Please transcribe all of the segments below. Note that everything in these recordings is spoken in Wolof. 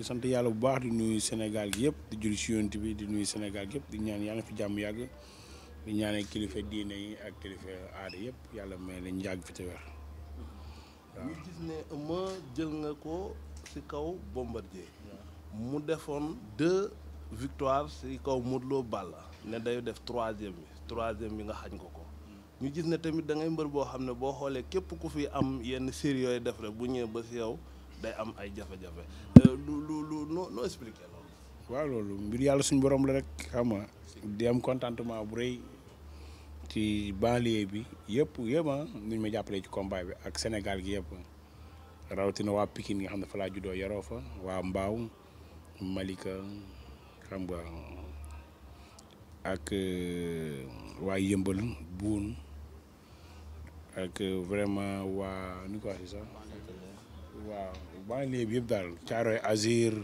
di sant yàlla bu baax di nuyu Sénégal gi yëpp di julli si yonent di nuyu Sénégal gi yëpp di ñaan ngi fi jàmm yàgg di ñaanee kilifa diine yi ak kilifa aada yëpp yàlla may lañ yàgg fi te wér. waaw ñu gis ne ma jël nga ko si kaw Bombardier. mu defoon deux victoires si kaw Modou Balla ne day def troisième bi troisième bi nga xañ ko ko. ñu gis ne tamit da ngay mbër boo xam ne boo xoolee képp ku fi am yenn série yooyu def rek bu ñëwee ba si yow. day am ay jafe-jafe lu lu lu noo noo loolu. mbir yàlla suñu borom la rek xam nga di am bu rëy ci banlieue bi yëpp yëpp ah ñu ma jàppalee ci combat bi ak Sénégal gi yëpp rawatina waa Pikine nga xam ne fa laa juddoo yaroo fa waa Mbaaw Malika xam nga ak euh, waa Yëmbal Buun ak euh, vraiment waa nu ko waxee sax. waaw banlieue bi yëpp daal Caaroy Azur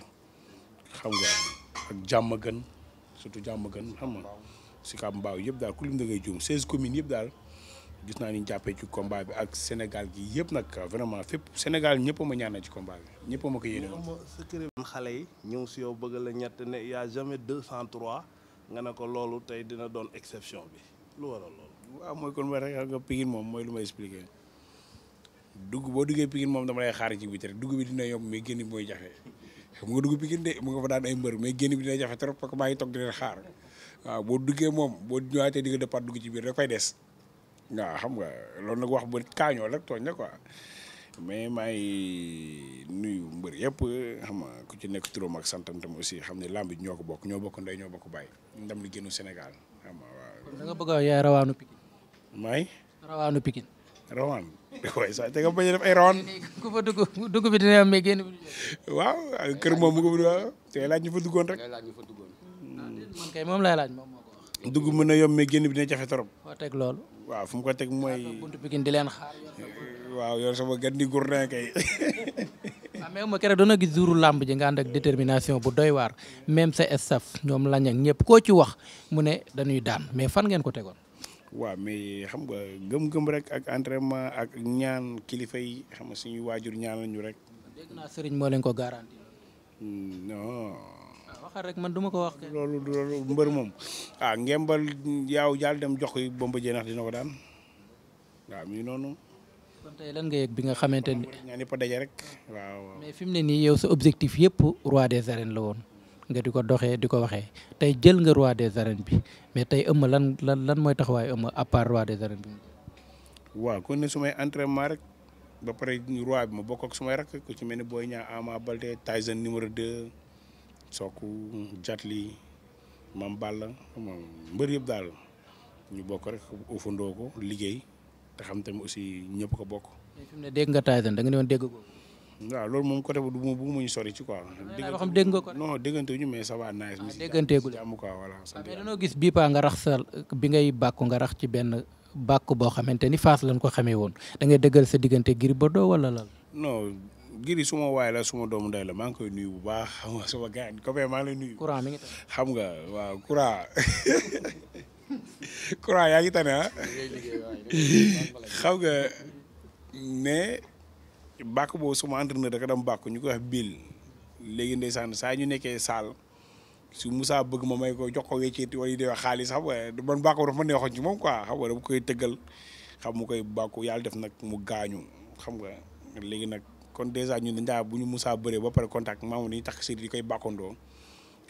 xam nga ak jàmm Diamaguène surtout Diamaguène xam nga Sicap Mbao yëpp daal ku lim da ngay juum seize communes yëpp daal gis naa ni jàppee ci combat bi ak Sénégal gi yëpp nag vraiment fépp Sénégal ñëpp ma na ci combat bi ñëpp ma ko yéene woon. sa xale yi ñëw si yow bëgg la ñett ne y' a jamais 203 nga ne ko loolu tey dina doon exception bi lu waral loolu. waaw mooy kon ma rek xam nga Pikine moom mooy lu ma expliqué. dugg boo duggee Pikine moom dama lay xaar ci biti rek dugg bi dina yomb mais génn bi mooy jafe xam nga dugg Pikine de mu nga fa daan ay mbër mais génn bi dina jafe trop parce que maa ngi toog di boo duggee moom boo ñëwaatee di nga départ dugg ci biir rek fay des waaw xam nga loolu nag wax ba kaañoo rek tooñ na quoi mais maa ngi nuyu mbër yëpp xam nga ku ci nekk turam ak santam tam aussi xam ne lamb bi ñoo ko bokk ñoo bokk ndey ñoo bokk bay ndam li génnu Sénégal xam nga a yaay waaye sax te nga a def ay ron. ku génn waaw kër moom mu ngi waaw te laaj ñu fa ah, moom lay laaj moom moo mën na yomb mais génn bi dina jafe trop. foo teg loolu. waaw fu mu ko teg mooy. buntu Pikine di leen xaar. waaw ah, yow sama gan di kay. waaw mais ma keroog doon na gis juru làmb ji nga ànd ak détermination bu doy waar même sa staff ñoom lañ ak ñëpp koo ci wax mu ne dañuy daan mais fan ngeen ko tegoon. waaw mais xam nga gëm-gëm rek ak entraînement ak ñaan kilifa yi xam nga suñuy waajur ñaanal ñu rek. dégg naa sëriñ moo leen ko garanti. Hmm, non. Ah, man duma ko wax. loolu loolu mbër moom ah ngembal yaaw jaal dem jox ko Bomba Dieng ndax dina ko daan waaw mi noonu. kon tey lan nga yëg bi nga xamante ni. ñaan yëpp a daje rek waaw. mais fi mu ne nii yow sa objectif yëpp roi des arènes la woon. nga di ko doxee di ko waxee tey jël nga roi des arènes bi mais tey ëmma lan lan lan mooy taxawaay ëmma à part roi de arènes bi. waaw kon ne sumay entraînement rek ba pare roi bi ma bokk ak sumay rakk ko ci mel ni Boy Niang Ama Baldé Tyson numéro 2 Sokku Jatli Mam Balla mbër yëpp daal ñu bokk rek ufandoo ko liggéey te xam tamit aussi ñëpp ko bokk. ne dégg nga Tyson da ne woon dégg ko. waaw loolu moom côté bu du bëgguma ñu sori ci quoi. déggante xam dégg nga ko no déggante ñu mais ça va nice. waaw ah, dégganteegul jàmm quoi voilà. mais dañoo gis bii paa nga rax sa bi ngay bàkku nga rax ci benn bàkku boo xamante ni Fass lan ko xamee woon da ngay dëggal sa diggante ba Bordeaux wala lan. non Gris suma waay la suma doomu ndey la maa ngi koy nuyu bu baax xam nga sama gars yi copain maa la nuyu. courant mi ngi xam nga waaw courant. courant yaa ngi tane ah. xam nga ne. bàkk boobu suma entraîneur da ko dam bàkk ñu koy wax bill léegi ndeysaan saa ñu nekkee saal su musaa bëgg ma may ko jox ko wecceeti wala yi dee xaalis xam nga man bàkk ma neexoon ci moom quoi xam nga dama koy tëggal xam mu koy bàkku yàlla def nag mu gaañu xam nga léegi nag kon dèjà ñun dañ daa bu ñu Moussa bëree ba pare contact maamu dañuy tax sëriñ di koy bàkkandoo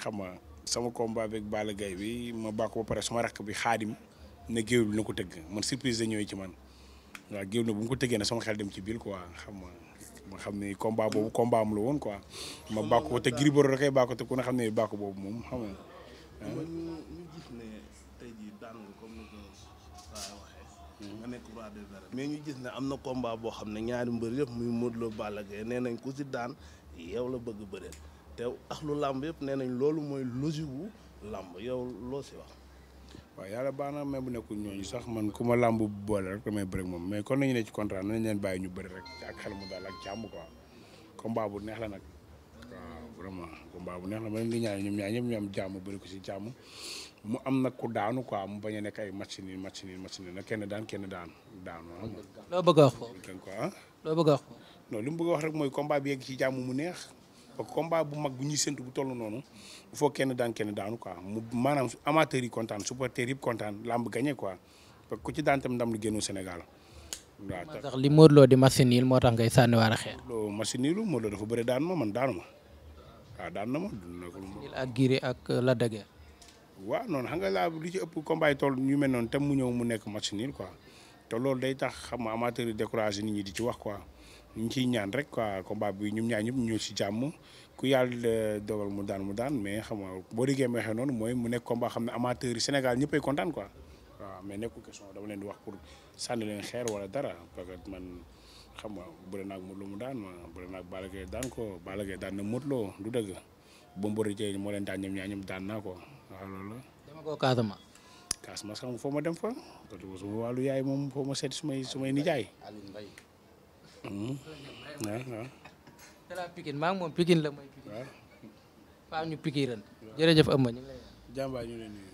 xam nga sama combat beeg Balla Gaye bi ma bàkk ba pare suma rakk bi xaadim na géew na ko tëgg man surprise da ñëwee ci man. waaw géew na bu mu ko tëggee na sama xel dem ci biir quoi xam nga ma xam ne combat boobu combat am la woon quoi ma bàkk ko te Gris Bordeaux da bàkk te ku ne xam ne bàkk boobu moom xam nga. ñu daan mhm. nga nekk roi des arènes. mais ñu gis ne am na combat boo xam ne ñaari mbër yëpp muy Modou loo Balla Gaye nee nañ ku si daan yow la bëgg bëreel te ak lu làmb yëpp nee nañ loolu mooy logique làmb yow loo si wax. waaw yàlla baax na mais bu nekkul ñooñu sax man ku ma làmb boole rek damay bëri moom mais kon nañu ne ci contrat nañ leen ñu bëri rek ak xel mu daal ak bu neex la nag waaw vraiment combat bu neex la ma leen di ñaan ñoom ñaar ñëpp ñu am jàmm bëri ko si jàmm mu am na ku daanu quoi mu bañ a nekk ay match nii match nii match nii nag kenn daan kenn daan daanu ah. loo bëgg a wax foofu. Ah. loo bëgg li mu bëgg wax rek mooy combat bi yegg ci jàmm mu neex. parce que bu mag bu ñuy séntu bu toll noonu il faut kenn daan kenn daanu quoi mu maanaam amateurs yi kontaan supporters yëpp kontaan lamb gagné quoi parce que ku ci daan tam ndam lu génnoo Sénégal. waaw tax li Modou Lo di machine yi moo tax ngay sànniwaat xeer. Modou Lo machine yi dafa bëri daan ma man daanu ma waaw daan na ma. ak Giri ak euh, Lac de Guiers. waaw noonu xam nga laa ci ëpp combat yi toll mel noonu tam mu ñëw mu nekk machine yi quoi te loolu day tax xam nga amateurs yi nit ñi di ci wax quoi. ñu ngi ciy ñaan rek quoi combat bi ñum ñaar ñëpp ñu si jàmm ku yàlla dogal mu daan mu daan mais xam nga boo déggee ma waxee noonu mooy mu nekk ko combat xam ne amateurs yi Sénégal ñëppay kontaan ko waaw mais nekkul question dama leen di wax pour sànni leen xeer wala dara parce man xam nga bëri naag Modou Lo mu daan ma bëri naag Balla daan ko Balla Gaye daan na Modou Lo du dëgg Bombardier moo leen daan ñoom ñaar ñoom daan naa ko waaw loolu la. dama ko Casamance. Casamance xam nga foo ma dem fa. parce que sama yaay moom foo ma seet sumay sumay nijaay. Alioune Mbaye waaw mm-hmm. dalaa Pikine maa moom Pikine la mooy Pikine faa ñu Pikine jërëjëf Eumeu ñu ngi lay jàmbaay ñu leen nuyu